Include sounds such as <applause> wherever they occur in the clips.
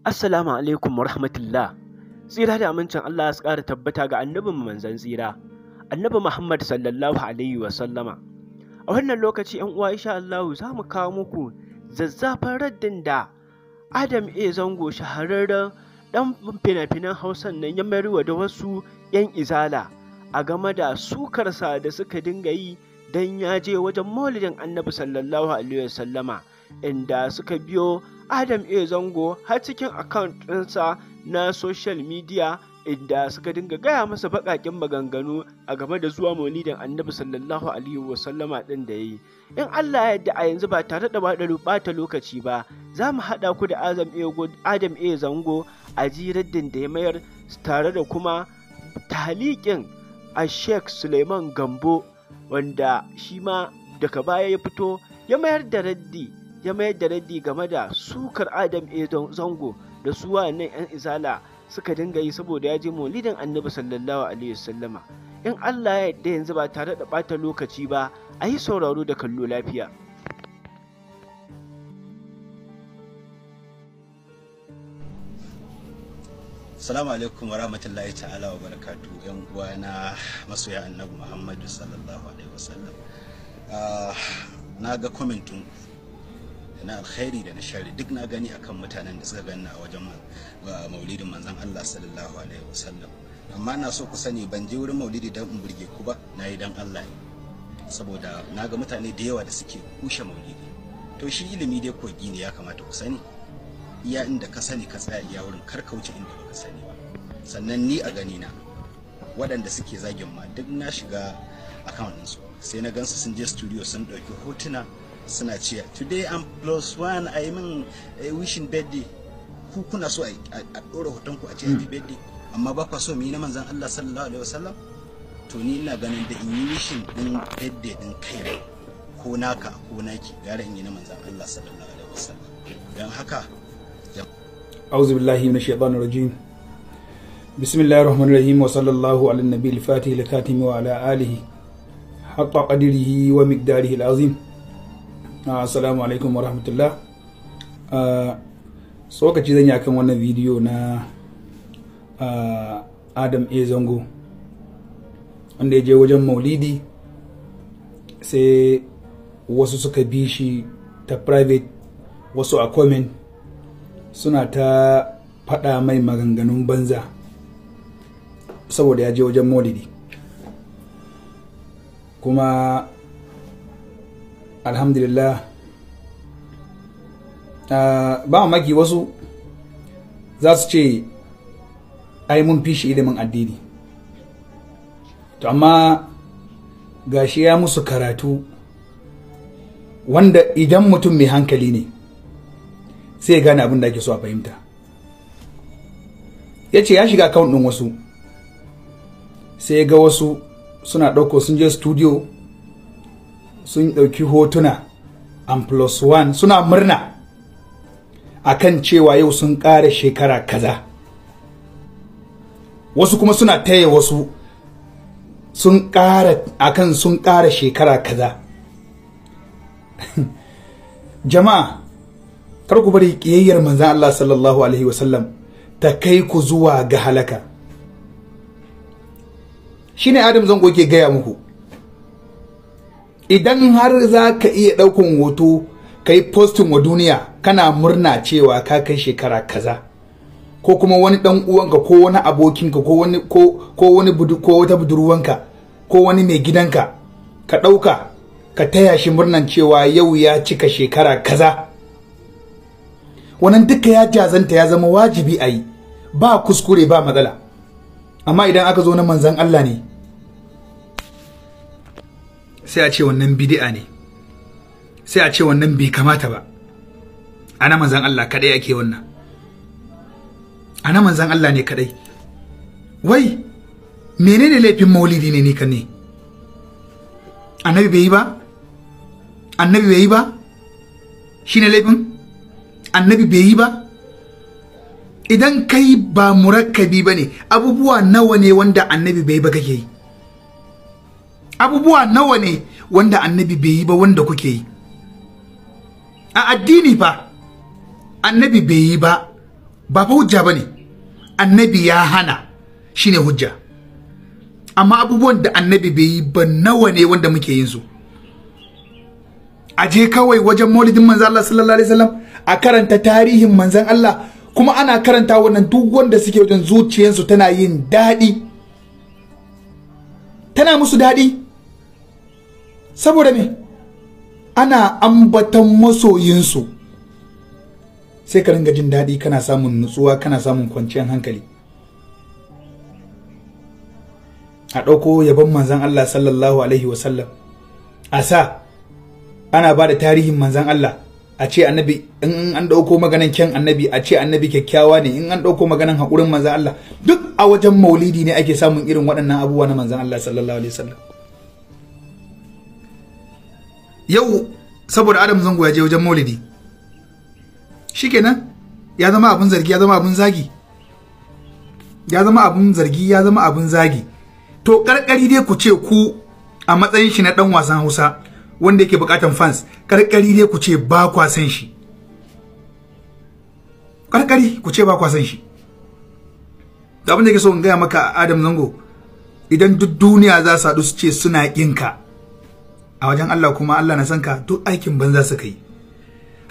Assalamu alaikum wa rahmatullah. Tsira da amincin Allah ya ƙara tabbata ga annabin manzan tsira, annabi Muhammad sallallahu alaihi wa sallama. A wannan lokaci ‘yan uwa insha Allah za mu kawo muku zazzafan raddin da Adam A Zango shahararren ɗan fina-finan Hausan nan ya wa da wasu ‘yan izala a game da sukarsa da suka dinga yi don ya je wajen maulidin annabi sallallahu alaihi wa sallama. inda suka biyo Adam e Zango har cikin akaunt ɗinsa na social media inda suka dinga gaya masa baƙaƙen maganganu a game da zuwa maulidin annabi sallallahu alaihi sallama ɗin da ya yi in allah yadda a yanzu ba tare da ɓata lokaci ba za mu haɗa ku da adam a zango a jiraddin da ya mayar tare da kuma taliƙin a sheikh suleiman gambo wanda shi ma daga baya ya fito ya mayar da raddi ya mayar da raddi game da sukar adam a zango da su nan 'yan izala suka dinga yi saboda ya je maulidin annabi sallallahu alaihi wasallama in allah ya yadda yanzu ba tare da ɓata lokaci ba a yi sauraro da kallo lafiya Salamu alaikum wa rahmatullahi ta'ala wa barakatu yan uwa na masoya annabi Muhammadu sallallahu alaihi wasallam. Ah, na ga komentin da na alkhairi da na shari duk na gani akan mutanen da suka gani a wajen maulidin manzon Allah sallallahu alaihi wasallam amma na so ku sani ban je wurin maulidi dan in burge ku ba na yi dan Allah saboda na ga mutane da yawa da suke kushe maulidi to shi ilimi dai kogi ne ya kamata ku sani iya inda ka sani ka tsaya iya wurin kar ka wuce inda baka sani ba sannan ni a gani na waɗanda suke zagin ma duk na shiga akan su sai na gansu sun je studio sun ɗauki hotuna suna cewa today i'm plus one a yi min wishing birthday ku kuna so a ɗora hoton ku a ce happy hmm. birthday amma ba kwa so mu yi na manzan Allah sallallahu alaihi wasallam to ni ina ganin da in yi wishing din birthday din kai ko naka ko naki gara in yi na manzan Allah sallallahu alaihi wasallam dan haka أعوذ بالله من الشيطان الرجيم بسم الله الرحمن الرحيم وصلى الله على النبي الفاتح الكاتم وعلى آله حق قدره ومقداره العظيم assalamu alaikum wa rahmatullah ah, tsokaci zan yi akan wannan bidiyo na ah, adam a zango wanda ya je wajen maulidi sai wasu suka bi shi ta private wasu a comment suna ta faɗa mai maganganun banza saboda ya je wajen maulidi kuma alhamdulillah ah, ba maki wasu za su ce ai mun fi shi ilimin addini to amma ga shi ya musu karatu wanda idan mutum mai hankali ne sai ya gane abin da ake so a fahimta ya ce ya shiga akawun ɗin wasu sai ya ga wasu suna ɗauko sun je studio sun ɗauki hotuna and plus one suna murna a kan cewa yau sun ƙara shekara kaza wasu kuma suna taya wasu sun ƙara kan sun ƙara shekara kaza <laughs> jama'a karku bari ƙiyayyar manzan Allah sallallahu alaihi wasallam ta kai ku zuwa ga halaka ne Adam zan goge gaya muku idan har za ka iya ɗaukan hoto ka yi postin wa duniya kana murna cewa ka kai shekara kaza ko kuma wani ɗan uwanka ko wani abokinka ko wani ko wani wata budurwanka ko wani mai gidanka ka ɗauka ka taya shi murnan cewa yau ya cika shekara kaza wannan duka ya jazanta ya zama wajibi a yi ba kuskure ba matsala amma idan aka zo na manzan Allah ne sai a ce wannan bidi'a ne sai a ce wannan bai kamata ba ana manzan Allah kadai ake wannan ana manzan Allah ne kadai wai menene laifin maulidi ne ni kane annabi bai yi ba annabi bai yi ba shine laifin annabi bai yi ba idan kai ba murakkabi ba ne abubuwa nawa ne wanda annabi bai ba kake yi abubuwa nawa ne wanda annabi bai yi ba wanda kuke yi a addini fa annabi bai yi ba ba fa hujja ba ne annabi ya hana ne hujja amma abubuwan da annabi bai yi ba nawa ne wanda muke yin su a je kawai wajen maulidin manzan Allah sallallahu alaihi wasallam a karanta tarihin manzan Allah kuma ana karanta wannan duk wanda suke wajen zuciyarsu tana yin daɗi tana musu daɗi saboda me ana ambatan masoyinsu sai ka ringa jin daɗi kana samun nutsuwa kana samun kwanciyar hankali a ɗauko yabon manzan Allah sallallahu alaihi wasallam a sa ana ba da tarihin manzan Allah a ce annabi in an ɗauko maganan kyan annabi a ce annabi kyakkyawa ne in an ɗauko maganan haƙurin manzan Allah duk a wajen maulidi ne ake samun irin waɗannan abubuwa na manzan Allah sallallahu alaihi wasallam yau saboda adam zango ya je wajen maulidi kenan ya zama abin zargi ya zama abin zagi ya zama abin zargi ya zama abin zagi to karkari dai ku ce ku a matsayin shi na dan wasan Hausa wanda yake bukatan fans karkari dai ku ce ba kwa san shi karkari ku ce ba kwa san shi da abin da yake so in gaya maka Adam Zango idan duk duniya za su haɗu su ce suna ƙinka a wajen Allah kuma Allah na san duk aikin banza suka yi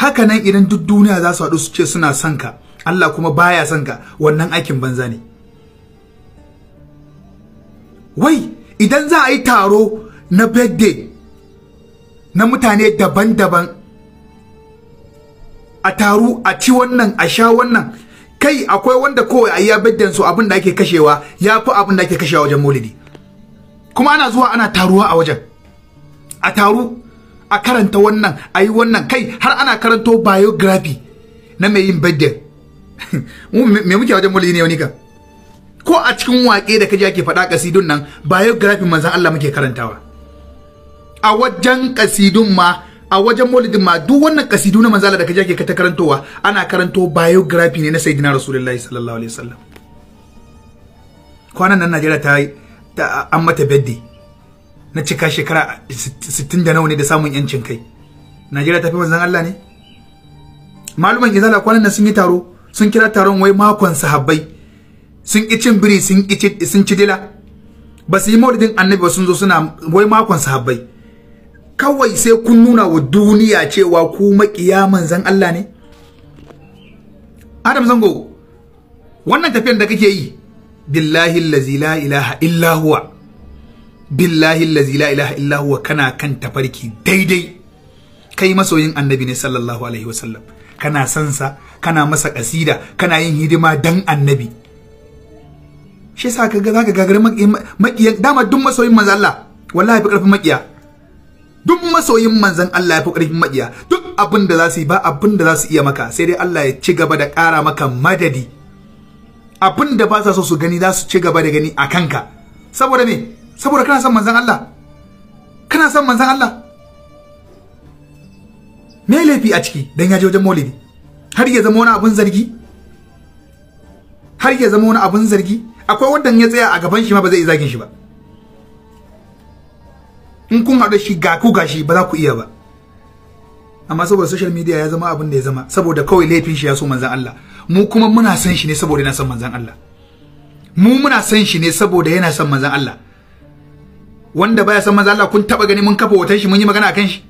haka nan idan duk duniya za su haɗu su ce suna sanka ka Allah kuma baya sanka ka wannan aikin banza ne wai idan za a yi taro na birthday na mutane daban-daban a taru a ci wannan a sha wannan kai akwai wanda kowai a yi ya su abin da ake kashewa ya fi abin da ake kashewa wajen maulidi kuma ana zuwa ana taruwa a wajen a taru a karanta wannan a yi wannan kai har ana karanto biography na mai yin birthday <laughs> me muke wajen mulki ne wani ka ko a cikin waƙe da kaji ake faɗa kasidun nan biography manzan Allah muke karantawa a wajen kasidun ma a wajen maulidin ma duk wannan kasidu na manzala da kaji ake kata karantowa ana karanto biography ne na sayyidina rasulullahi sallallahu alaihi wasallam kwanan nan Najeriya ta an mata birthday na cika shekara 60 da nawa ne da samun yancin kai Najeriya ta fi manzon Allah ne maluman izala kwanan nan sun yi taro sun kira taron wai makon sahabbai sun ki cin biri sun ki sun ci dila ba su yi maulidin annabi ba sun zo suna wai makon sahabbai kawai sai kun nuna wa duniya cewa ku makiya manzon Allah ne Adam Zango wannan tafiyar da kake yi billahi allazi la ilaha illa huwa billahi allazi la ilaha illa huwa kana kan tafarki daidai kai masoyin annabi ne sallallahu alaihi wasallam kana san kana masa kasida kana yin hidima dan annabi shi yasa kaga zaka gagari makiyan dama duk masoyin manzon Allah wallahi fi karfin makiya duk masoyin manzon Allah ya fi karfin makiya duk abin da za yi ba abin da iya maka sai dai Allah ya ci gaba da ƙara maka madadi abin da ba sa so su gani za su ci gaba da gani a kanka saboda me saboda kana son manzan Allah kana son manzan Allah me laifi a ciki dan ya wajen maulidi har ya zama wani abun zargi har ya zama wani abun zargi akwai wanda ya tsaya a gaban shi ma ba zai zage shi ba in kun haɗu shi ga ku gashi ba za ku iya ba amma saboda social media ya zama abin da ya zama saboda kawai laifin shi ya so manzan Allah mu kuma muna san shi ne saboda yana son manzan Allah mu muna san shi ne saboda yana son manzan Allah wanda baya san manzon Allah kun taba gani mun kafa hoton shi mun yi magana akan shi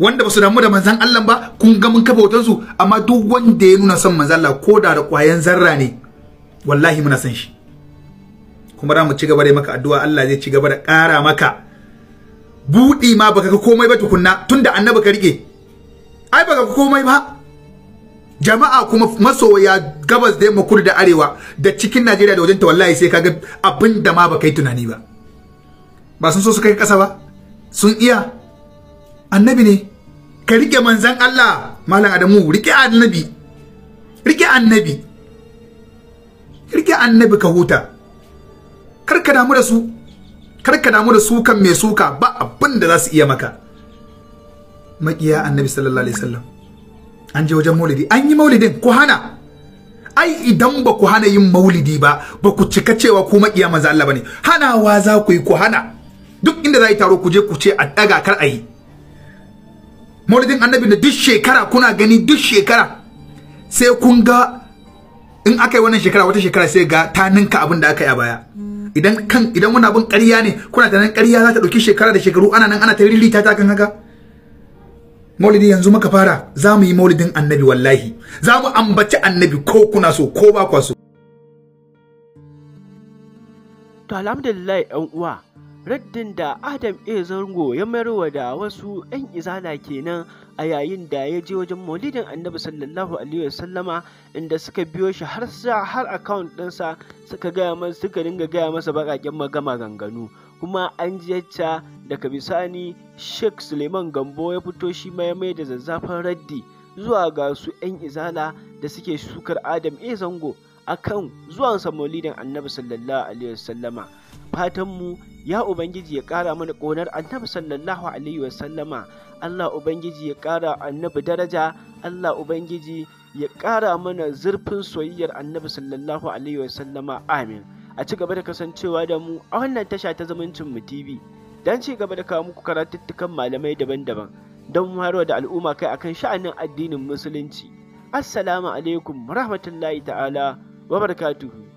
wanda basu damu da manzon Allah ba kun ga mun kafa hoton su amma duk wanda ya nuna son manzon Allah ko da da zarra ne wallahi muna san shi kuma za mu ci gaba da maka addu'a Allah zai ci gaba da ƙara maka buɗi ma baka ga komai ba tukunna tunda annabi ka rike ai baka ga komai ba jama'a kuma masoya gabas da yamma da arewa da cikin Najeriya da wajenta wallahi sai kaga abin da ma baka yi tunani ba ba sun so su kai ƙasa ba sun iya annabi ne ka rike manzan Allah malam Adamu rike annabi rike annabi rike annabi ka huta kar ka damu da su kar ka damu da su kan mai suka ba abin da za su iya maka makiya annabi sallallahu alaihi wasallam an je wajen maulidi an yi maulidin ku hana ai idan ba ku hana yin maulidi ba ba ku cika cewa ku makiya manzan Allah bane hanawa za ku yi ku hana duk inda za yi taro ku je ku ce a daga kar a yi maulidin annabi da duk shekara kuna gani duk shekara sai kun ga in aka yi wannan shekara wata shekara sai ga ta ninka abin da aka yi a baya idan kan idan wani abin ƙarya ne kuna tunanin ƙarya za ta ɗauki shekara da shekaru ana nan ana ta rilita ta kan haka maulidi yanzu muka fara za mu yi maulidin annabi wallahi za mu ambaci annabi ko kuna so ko ba kwa so alhamdulillah yan uwa raddin da adam a zango ya mayarwa da wasu 'yan izala kenan a yayin da ya je wajen maulidin annabi sallallahu alaihi wasallama inda suka biyo shi har sa har account ɗinsa suka gaya masa suka dinga gaya masa baƙaƙen magama ganganu kuma an jiyarta daga bisani sheikh suleiman gambo ya fito shi ma mai da zazzafan raddi zuwa ga su 'yan izala da suke shukar adam a zango akan zuwansa maulidin annabi sallallahu alaihi wasallama fatanmu ya ubangiji ya ƙara mana ƙonar annabi sallallahu alaihi wasallama allah ubangiji ya ƙara annabi daraja allah ubangiji ya ƙara mana zurfin soyayyar annabi sallallahu alaihi wasallama amin a ci gaba da kasancewa da mu a wannan tasha ta zumuncin mu tv don ci gaba da kawo muku karatuttukan malamai daban-daban don wayarwa da al'umma kai akan sha'anin addinin musulunci assalamu alaikum rahmatullahi ta'ala wa barakatuhu